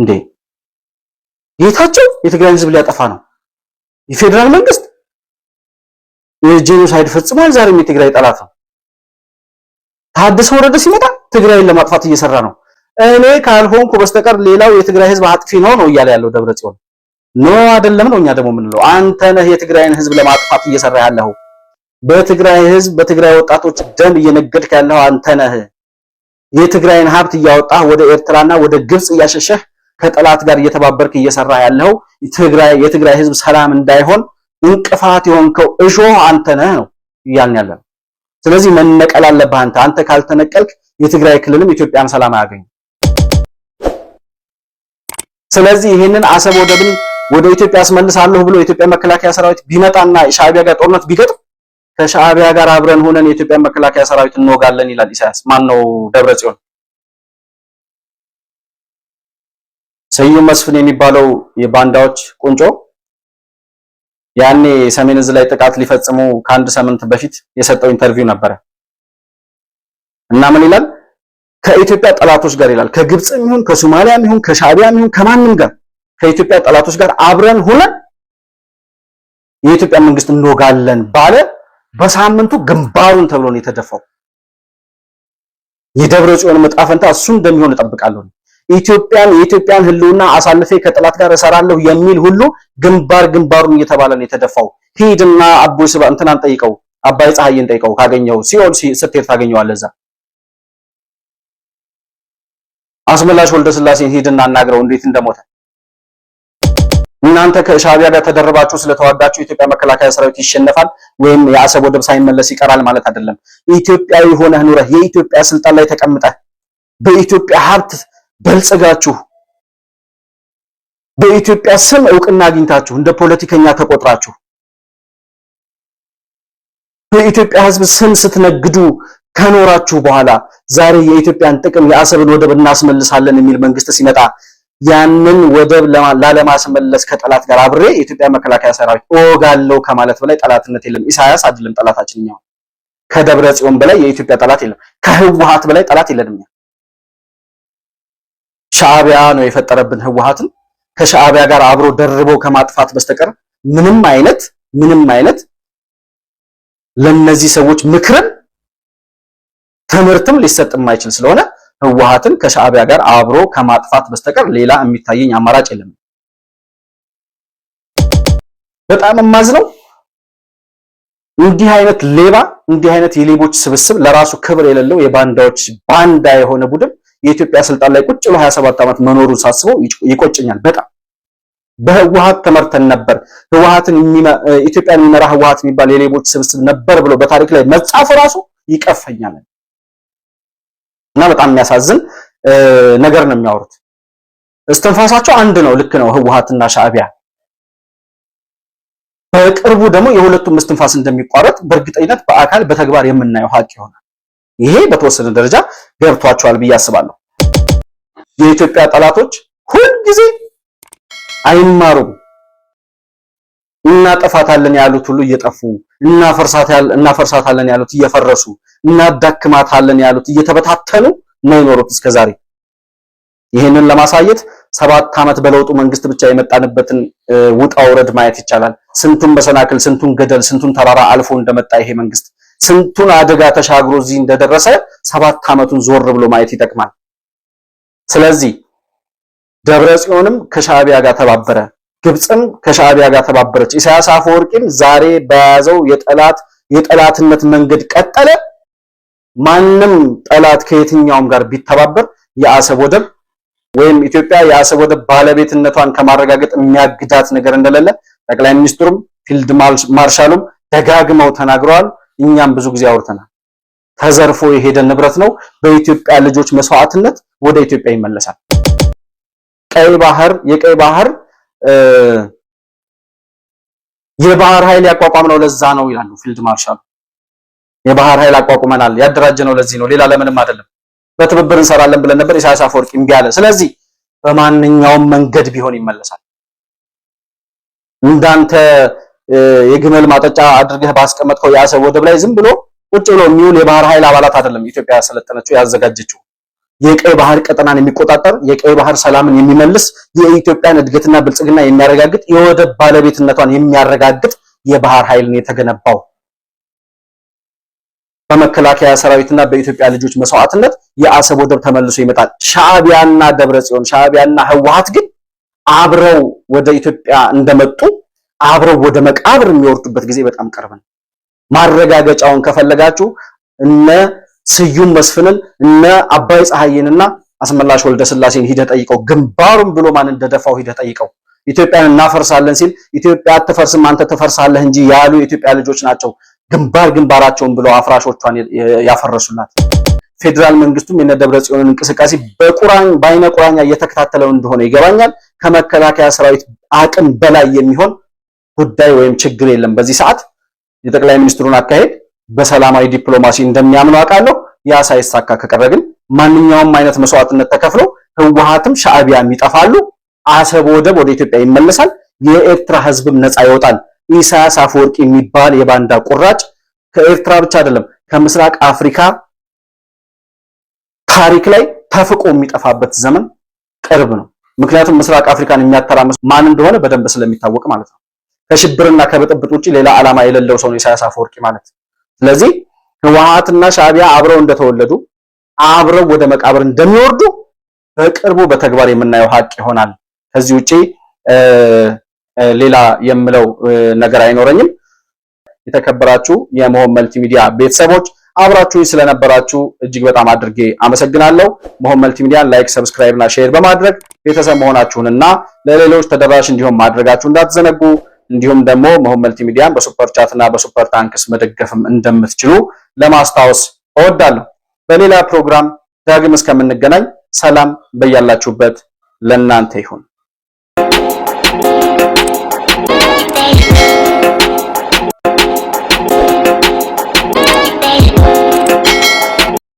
እንዴ ጌታቸው የትግራይን ህዝብ ሊያጠፋ ነው። የፌዴራል መንግስት ጄኖሳይድ ፈጽሟል። ዛሬም የትግራይ ጠላት ነው። ታደሰ ወረደ ሲመጣ ትግራይን ለማጥፋት እየሰራ ነው። እኔ ካልሆንኩ በስተቀር ሌላው የትግራይ ህዝብ አጥፊ ነው ነው እያለ ያለው ደብረ ጽዮን ነው አይደለም ነው እኛ ደግሞ የምንለው። አንተ ነህ የትግራይን ህዝብ ለማጥፋት እየሰራ ያለው። በትግራይ ህዝብ በትግራይ ወጣቶች ደም እየነገድክ ያለው አንተ ነህ። የትግራይን ሀብት እያወጣህ ወደ ኤርትራና ወደ ግብጽ እያሸሸህ ከጠላት ጋር እየተባበርክ እየሰራ ያለው ትግራይ የትግራይ ህዝብ ሰላም እንዳይሆን እንቅፋት የሆንከው እሾህ አንተ ነህ ነው እያልን ያለ ነው። ስለዚህ መነቀል አለብህ አንተ አንተ ካልተነቀልክ የትግራይ ክልልም ኢትዮጵያም ሰላም አያገኝም። ስለዚህ ይህንን አሰብ ወደብን ወደ ኢትዮጵያ አስመልሳለሁ ብሎ የኢትዮጵያ መከላከያ ሰራዊት ቢመጣና ሻዕቢያ ጋር ጦርነት ቢገጥም ከሻዕቢያ ጋር አብረን ሆነን የኢትዮጵያ መከላከያ ሰራዊት እንወጋለን ይላል ኢሳያስ። ማን ነው ደብረ ጽዮን? ስዩም መስፍን የሚባለው የባንዳዎች ቁንጮ ያኔ ሰሜን እዝ ላይ ጥቃት ሊፈጽሙ ከአንድ ሳምንት በፊት የሰጠው ኢንተርቪው ነበረ እና ምን ይላል? ከኢትዮጵያ ጠላቶች ጋር ይላል ከግብፅም ይሁን ከሶማሊያም ይሁን ከሻቢያም ይሁን ከማንም ጋር ከኢትዮጵያ ጠላቶች ጋር አብረን ሆነን የኢትዮጵያ መንግስት እንወጋለን ባለ በሳምንቱ ግንባሩን ተብሎ ነው የተደፋው። የደብረ ጽዮን መጣፈንታ እሱ እንደሚሆን እጠብቃለሁ። ኢትዮጵያን የኢትዮጵያን ህልውና አሳልፌ ከጥላት ጋር እሰራለሁ የሚል ሁሉ ግንባር ግንባሩን እየተባለ ነው የተደፋው። ሂድና አቦይ ስብሃት እንትናን ጠይቀው፣ አባይ ፀሐይን ጠይቀው ካገኘው ሲኦል ስትሄድ ታገኘዋለህ። እዛ አስመላሽ ወልደ ስላሴን ሂድና አናግረው እንዴት እንደሞተ። እናንተ ከሻቢያ ጋር ተደረባችሁ ስለተዋጋችሁ ኢትዮጵያ መከላከያ ሰራዊት ይሸነፋል ወይም የአሰብ ወደብ ሳይመለስ ይቀራል ማለት አይደለም። ኢትዮጵያዊ ሆነህ ኑረህ የኢትዮጵያ ስልጣን ላይ ተቀምጠህ በኢትዮጵያ ሀብት በልጽጋችሁ በኢትዮጵያ ስም እውቅና አግኝታችሁ እንደ ፖለቲከኛ ተቆጥራችሁ በኢትዮጵያ ሕዝብ ስም ስትነግዱ ከኖራችሁ በኋላ ዛሬ የኢትዮጵያን ጥቅም የአሰብን ወደብ እናስመልሳለን የሚል መንግስት ሲመጣ ያንን ወደብ ላለማስመለስ ከጠላት ጋር አብሬ የኢትዮጵያ መከላከያ ሰራዊት እወጋለሁ ከማለት በላይ ጠላትነት የለም። ኢሳያስ አይደለም ጠላታችን። ከደብረ ጽዮን በላይ የኢትዮጵያ ጠላት የለም። ከህወሓት በላይ ጠላት የለንም። ሻዕቢያ ነው የፈጠረብን ህወሓትን ከሻዕቢያ ጋር አብሮ ደርቦ ከማጥፋት በስተቀር ምንም አይነት ምንም አይነት ለነዚህ ሰዎች ምክርም ትምህርትም ሊሰጥ የማይችል ስለሆነ ህወሓትን ከሻዕቢያ ጋር አብሮ ከማጥፋት በስተቀር ሌላ የሚታየኝ አማራጭ የለም። በጣም የማዝነው እንዲህ አይነት ሌባ እንዲህ አይነት የሌቦች ስብስብ ለራሱ ክብር የሌለው የባንዳዎች ባንዳ የሆነ ቡድን የኢትዮጵያ ስልጣን ላይ ቁጭ ብሎ 27 ዓመት መኖሩን ሳስበው ይቆጭኛል በጣም። በህወሀት ተመርተን ነበር፣ ህወሀትን ኢትዮጵያን የሚመራ ህወሀት የሚባል የሌቦች ስብስብ ነበር ብሎ በታሪክ ላይ መጻፍ ራሱ ይቀፈኛል እና በጣም የሚያሳዝን ነገር ነው የሚያወሩት። እስትንፋሳቸው አንድ ነው፣ ልክ ነው፣ ህወሀትና ሻዕቢያ። በቅርቡ ደግሞ የሁለቱም እስትንፋስ እንደሚቋረጥ በእርግጠኝነት በአካል በተግባር የምናየው ሀቅ ይሆናል። ይሄ በተወሰነ ደረጃ ገብቷቸዋል ብዬ አስባለሁ። የኢትዮጵያ ጠላቶች ጊዜ አይማሩም። እናጠፋታለን ያሉት ሁሉ እየጠፉ እናፈርሳታለን ያሉት እየፈረሱ እናዳክማታለን ያሉት እየተበታተኑ ነው የኖሩት እስከዛሬ። ይህንን ለማሳየት ሰባት ዓመት በለውጡ መንግስት ብቻ የመጣንበትን ውጣ ውረድ ማየት ይቻላል። ስንቱን መሰናክል፣ ስንቱን ገደል፣ ስንቱን ተራራ አልፎ እንደመጣ ይሄ መንግስት ስንቱን አደጋ ተሻግሮ እዚህ እንደደረሰ ሰባት ዓመቱን ዞር ብሎ ማየት ይጠቅማል። ስለዚህ ደብረ ጽዮንም ከሻዕቢያ ጋር ተባበረ፣ ግብፅም ከሻዕቢያ ጋር ተባበረች። ኢሳያስ አፈወርቂም ዛሬ በያዘው የጠላት የጠላትነት መንገድ ቀጠለ። ማንም ጠላት ከየትኛውም ጋር ቢተባበር የአሰብ ወደብ ወይም ኢትዮጵያ የአሰብ ወደብ ባለቤትነቷን ከማረጋገጥ የሚያግዳት ነገር እንደሌለ ጠቅላይ ሚኒስትሩም ፊልድ ማርሻሉም ደጋግመው ተናግረዋል። እኛም ብዙ ጊዜ አውርተናል። ተዘርፎ የሄደ ንብረት ነው። በኢትዮጵያ ልጆች መስዋዕትነት ወደ ኢትዮጵያ ይመለሳል። ቀይ ባህር የቀይ ባህር የባህር ኃይል ያቋቋም ነው ለዛ ነው ይላሉ ፊልድ ማርሻል። የባህር ኃይል አቋቁመናል ያደራጀ ነው ለዚህ ነው፣ ሌላ ለምንም አይደለም። በትብብር እንሰራለን ብለን ነበር። ኢሳያስ አፈወርቂ እምቢ አለ። ስለዚህ በማንኛውም መንገድ ቢሆን ይመለሳል። እንዳንተ የግመል ማጠጫ አድርገህ ባስቀመጥከው የአሰብ ወደብ ላይ ዝም ብሎ ቁጭ ብሎ የሚውል የባህር ኃይል አባላት አይደለም ኢትዮጵያ ያሰለጠነችው ያዘጋጀችው። የቀይ ባህር ቀጠናን የሚቆጣጠር የቀይ ባህር ሰላምን የሚመልስ የኢትዮጵያን እድገትና ብልጽግና የሚያረጋግጥ የወደብ ባለቤትነቷን የሚያረጋግጥ የባህር ኃይልን የተገነባው በመከላከያ ሰራዊትና በኢትዮጵያ ልጆች መስዋዕትነት የአሰብ ወደብ ተመልሶ ይመጣል። ሻዕቢያና ደብረ ጽዮን ሻዕቢያና ህወሓት ግን አብረው ወደ ኢትዮጵያ እንደመጡ አብረው ወደ መቃብር የሚወርዱበት ጊዜ በጣም ቅርብ ነው። ማረጋገጫውን ከፈለጋችሁ እነ ስዩም መስፍንን እነ አባይ ፀሐይንና አስመላሽ ወልደ ስላሴን ሂደ ጠይቀው። ግንባሩን ብሎ ማን እንደደፋው ሂደ ጠይቀው። ኢትዮጵያን እናፈርሳለን ሲል ኢትዮጵያ አትፈርስም አንተ ትፈርሳለህ እንጂ ያሉ የኢትዮጵያ ልጆች ናቸው ግንባር ግንባራቸውን ብለው አፍራሾቿን ያፈረሱላት። ፌዴራል መንግስቱም የነ ደብረ ጽዮንን እንቅስቃሴ በቁራኝ በአይነ ቁራኛ እየተከታተለው እንደሆነ ይገባኛል። ከመከላከያ ሰራዊት አቅም በላይ የሚሆን ጉዳይ ወይም ችግር የለም። በዚህ ሰዓት የጠቅላይ ሚኒስትሩን አካሄድ በሰላማዊ ዲፕሎማሲ እንደሚያምኑ አውቃለሁ። ያ ሳይሳካ ከቀረ ግን ማንኛውም አይነት መስዋዕትነት ተከፍሎ ህወሓትም ሻዕቢያም ይጠፋሉ። አሰብ ወደብ ወደ ኢትዮጵያ ይመለሳል። የኤርትራ ህዝብም ነፃ ይወጣል። ኢሳያስ አፈወርቅ የሚባል የባንዳ ቁራጭ ከኤርትራ ብቻ አይደለም ከምስራቅ አፍሪካ ታሪክ ላይ ተፍቆ የሚጠፋበት ዘመን ቅርብ ነው። ምክንያቱም ምስራቅ አፍሪካን የሚያተራምስ ማን እንደሆነ በደንብ ስለሚታወቅ ማለት ነው። ከሽብርና ከብጥብጥ ውጪ ሌላ ዓላማ የሌለው ሰው ነው ኢሳያስ አፈወርቂ ማለት። ስለዚህ ህወሓትና ሻዕቢያ አብረው እንደተወለዱ አብረው ወደ መቃብር እንደሚወርዱ በቅርቡ በተግባር የምናየው ሀቅ ይሆናል። ከዚህ ውጪ ሌላ የምለው ነገር አይኖረኝም። የተከበራችሁ የመሆን መልቲ ሚዲያ ቤተሰቦች አብራችሁኝ ስለነበራችሁ እጅግ በጣም አድርጌ አመሰግናለሁ። መሆን መልቲ ሚዲያን ላይክ፣ ሰብስክራይብ እና ሼር በማድረግ ቤተሰብ መሆናችሁንና ለሌሎች ተደራሽ እንዲሆን ማድረጋችሁ እንዳትዘነጉ። እንዲሁም ደግሞ መሆን መልቲሚዲያን በሱፐር ቻት እና በሱፐር ታንክስ መደገፍም እንደምትችሉ ለማስታወስ እወዳለሁ። በሌላ ፕሮግራም ዳግም እስከምንገናኝ ሰላም በያላችሁበት ለእናንተ ይሁን።